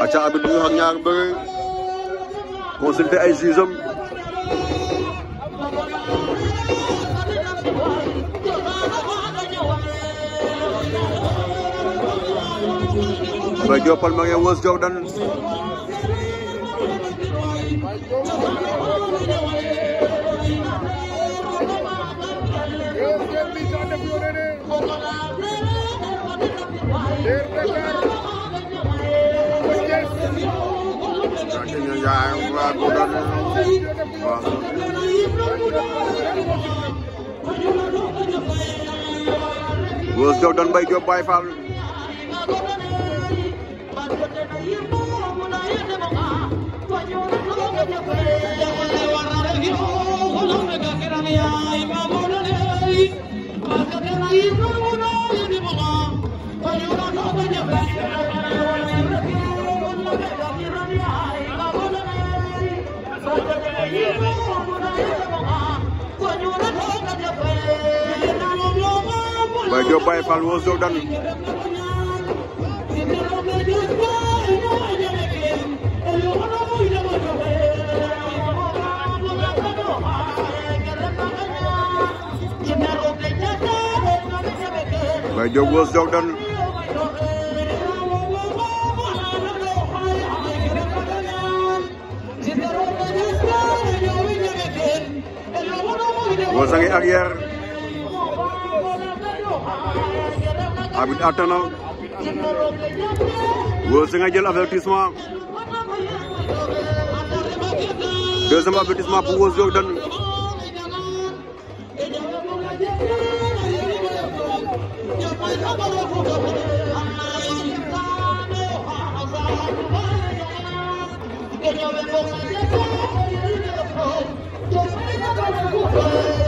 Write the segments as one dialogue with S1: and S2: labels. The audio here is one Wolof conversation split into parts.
S1: acca arbitre bi nga xam ñaar mbër consulter ay juge am radio palma ngeen wës jordan Thank you. We'll still done by your by father. Thank you. Mbaye Diop Baye Fall wo so danu Mbaye Diop wo so danu wo sangi arrière abit atte na Ngor Senghe jël avertissement deuxième avertissement pour Ngor Jordan Thank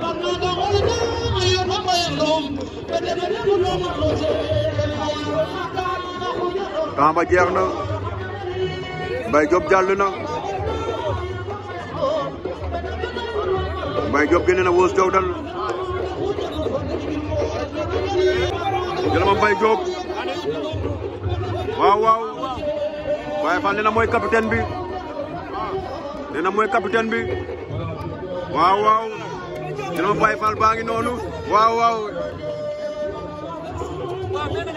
S1: temps ba jeex na Mbaye Diop jàll na Mbaye Diop génne na Weuz Jowdal jël ma Mbaye Diop waaw waaw waaye fan nee na mooy bi nee na mooy bi waaw waaw Dino Baye Fall baa ngi noonu waaw waaw